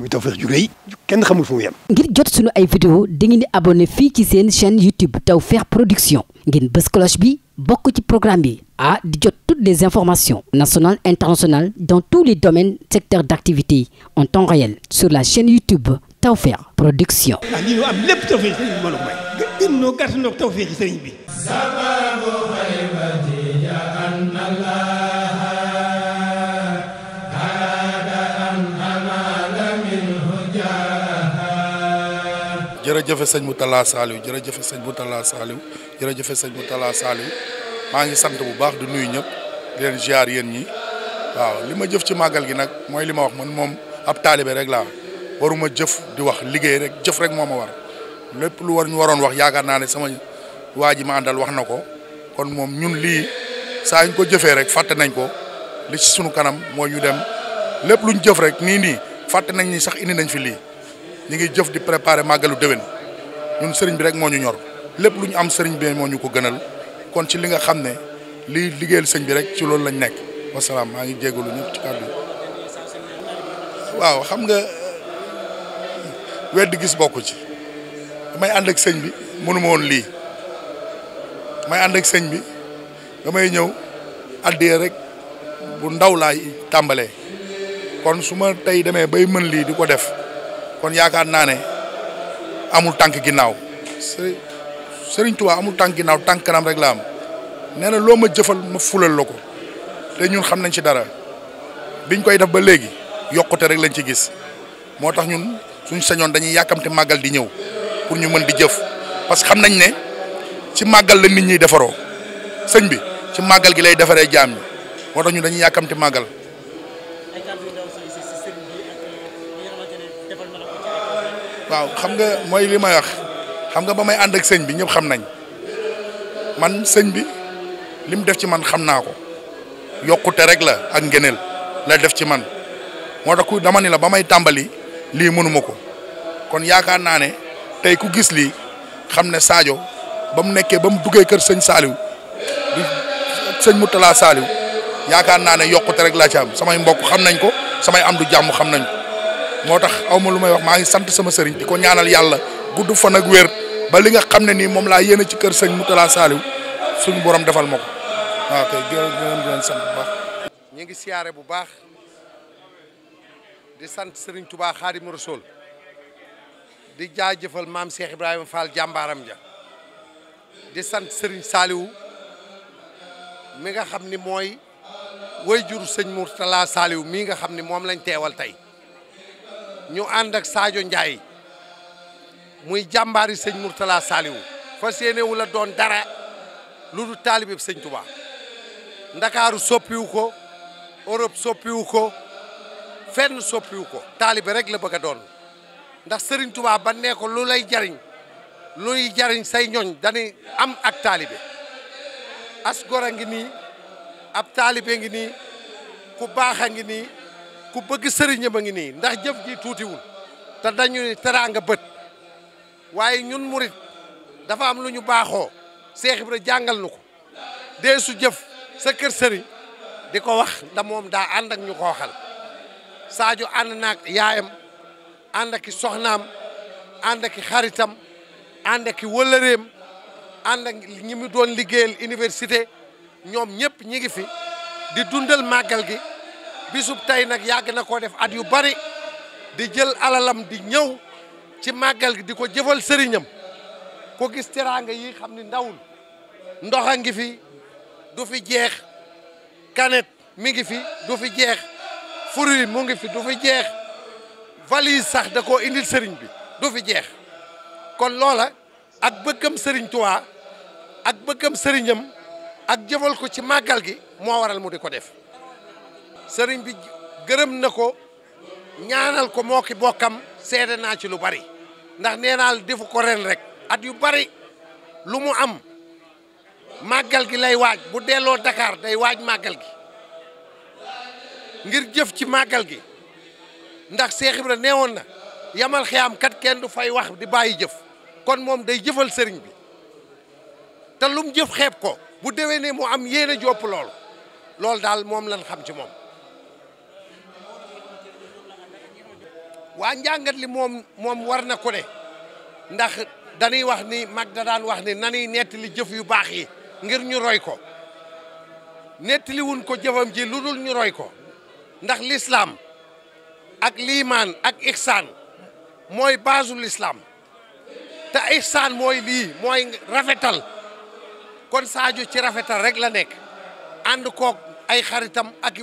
muy Tawfekh ju rëy kenn xamul fu mu ngir jot sunu ay vidéo dangeen di abonné fii ci seen chaîne YouTube Tawfekh Production ngeen bës bi bokk ci programme bi a di jot toutes les informations nationales internationales dans tous les domaines secteurs d'activité en temps réel sur la chaîne YouTube Tawfekh Production. ah lii ñu am lépp Tawfekh sëriñ bi mbooloo mooy. gën gën ñoo gàtt ñoo ak Tawfekh sëriñ bi. jërëjëf sëñ Moutalla Saliou jërëjëf sëñ Moutalla Saliou jërëjëf sëñ Moutalla Saliou maa ngi sant bu baax di nuyu ñëpp di leen ziar yéen ñi waaw li ma jëf ci màggal gi nag mooy li ma wax man moom ab taalibe rek laa waruma jëf di wax liggéey rek jëf rek moo ma war lépp lu war ñu waroon wax yaakaar naa ne sama waa ji ma wax na ko kon moom ñun lii saa ñu ko jëfee rek fàtte nañ ko li ci sunu kanam mooy ñu dem lépp luñ jëf rek nii nii fàtte nañ ni sax indi nañ fi lii. ñu ngi jëf di préparer màggalu déwén ñun sëriñ bi rek moo ñu ñor lépp lu ñu am sëriñ bi moo ñu ko gënal kon ci li nga xam ne liy liggéeyal sëñ bi rek ci loolu lañu nekk wasalaam maa ngi jégalu ñëpp ci kàddu waaw xam nga weddi gis bokku ci damay ànd ak sëñ bi mënuma woon lii may ànd ak sëñ bi damay ñëw addee rek bu ndaw laay tàmbalee kon su ma tey demee bay mën lii di ko def kon yaakaar naa ne amul tànk ginnaaw Serigne Touba amul tànk ginnaaw tànk kanam rek laa am nee na loo ma jëfal ma fulal la ko te ñun xam nañ ci dara biñ koy def ba léegi yokkute rek lañ ci gis moo tax ñun suñ sañoon dañuy yàkkamte màggal di ñëw pour ñu mën di jëf parce que xam nañ ne ci màggal lañ nit ñiy defaroo sëñ bi ci màggal gi lay defaree jaam ñi moo tax ñun dañuy yàkkamti màggal. waaw xam nga mooy li may wax xam nga ba may ànd ak sëñ bi ñëpp xam nañ man sëñ bi li mu def ci man xam naa ko yokkute rek la ak ngeneel la def ci man moo tax ku dama ni la ba may tàmbali lii mënuma ko kon yaakaar naa ne tey ku gis lii xam ne Sadio ba mu nekkee ba mu buggee kër sëñ saaliw di sëñ Moutala Saliou yaakaar naa ne yokkute rek laa ci am samay mbokk xam nañ ko samay am du jàmm xam nañ moo tax aw ma lu may wax maa ngi sant sama sëriñ di ko ñaanal yàlla gudd fan ak wér ba li nga xam ne nii moom laa yéene ci kër sëñ mu talaa saaliw suñu borom defal ma ko waaw kay ñu ngi siyaare bu baax di sant sëriñ Touba Xaadimu Rasuul di jaajëfal maam Cheikh Ibrahima Fall jàmbaaram ja di sant sëriñ Saliou mi nga xam ni mooy way jur sëñ Moutala Saliou mii nga xam ni moom lañ teewal tey. ñu ànd ak Sadio Ndiaye muy jàmbaari sëñ Mourtala Saliou fas yéenewu la doon dara lu du taalibe sëñ Touba ndakaaru soppiwu ko Europe soppiwu ko fenn soppiwu ko taalibe rek la bëgg doon ndax sëriñ tubaa ba nee ko lu lay jariñ luy jariñ say ñooñ dañuy am ak taalibe as gor ngi nii ab taalibe ngi nii ku baaxa ngi nii ku bëgg sëriñam a ngi nii ndax jëf ji tuutiwul te dañu ni teraanga bët waaye ñun murit dafa am lu ñu baaxoo Seex Ibra jàngal nu ko dee su jëf sa kër di ko wax da moom daa ànd ak ñu ko waxal Sadio ànd naag yaayam ànd ak soxnaam ànd ak xaritam ànd ak wëllëreem ànd ak ñi doon liggéeyal université ñoom ñëpp ñi ngi fi di dundal màggal gi bisub tey nag yàgg na koo def at yu bari di jël alalam di ñëw ci màggal gi di ko jëfal sëriñam ko gis teraanga yi xam ni ndawul ndox a ngi fi du fi jeex kanet mi ngi fi du fi jeex fruit mu ngi fi du fi jeex valise sax da koo indil sëriñ bi du fi jeex kon loola ak bëggam sëriñ Tuubaa ak bëggam sëriñam ak jëfal ko ci màggal gi moo waral mu di ko def sëriñ bi gërëm na ko ñaanal ko moo ki bokkam seede naa ci lu bari ndax nee naa la defu ko ren rek at yu bari lu mu am màggal gi lay waaj bu delloo dakaar day waaj màggal gi ngir jëf ci màggal gi ndax Cheikh Ibra nee woon na yamal xiyaam kat kenn du fay wax di bàyyi jëf kon moom day jëfal sëriñ bi te lum jëf xeeb ko bu déwénee mu am yéene jopp loolu loolu daal moom lañ xam ci moom waa njàngat li moom moom war na ko ne ndax dañuy wax ni mag wax ni nanuy nettali jëf yu baax yi ngir ñu roy ko nettaliwuñ ko jëfam ji lu dul ñu roy ko ndax lislaam ak liimaan ak ixsaan mooy baasu lislaam te ixsaan mooy lii mooy rafetal kon Sadio ci rafetal rek la nekk ànd koog ay xaritam ak i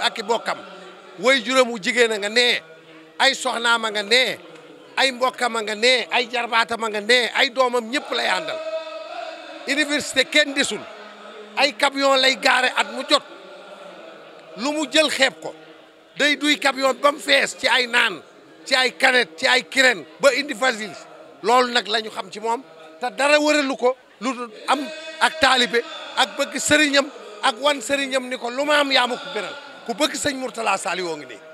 aki bokkam way juróom wu jigéen a nga nee ay soxnaama nga nee ay mbokkama nga nee ay jarbaatama nga nee ay doomam ñëpp lay àndal université kenn desul ay camion lay gaare at mu jot lu mu jël xeeb ko day duy camion ba fees ci ay naan ci ay canette ci ay kireen ba indi facile loolu nag lañu xam ci moom te dara wëralu ko lu am ak taalibe ak bëgg sëriñam ak wan sëriñam ni ko lu ma am yaa ma ko ku bëgg sëñ Mourtala Saliou ngi nii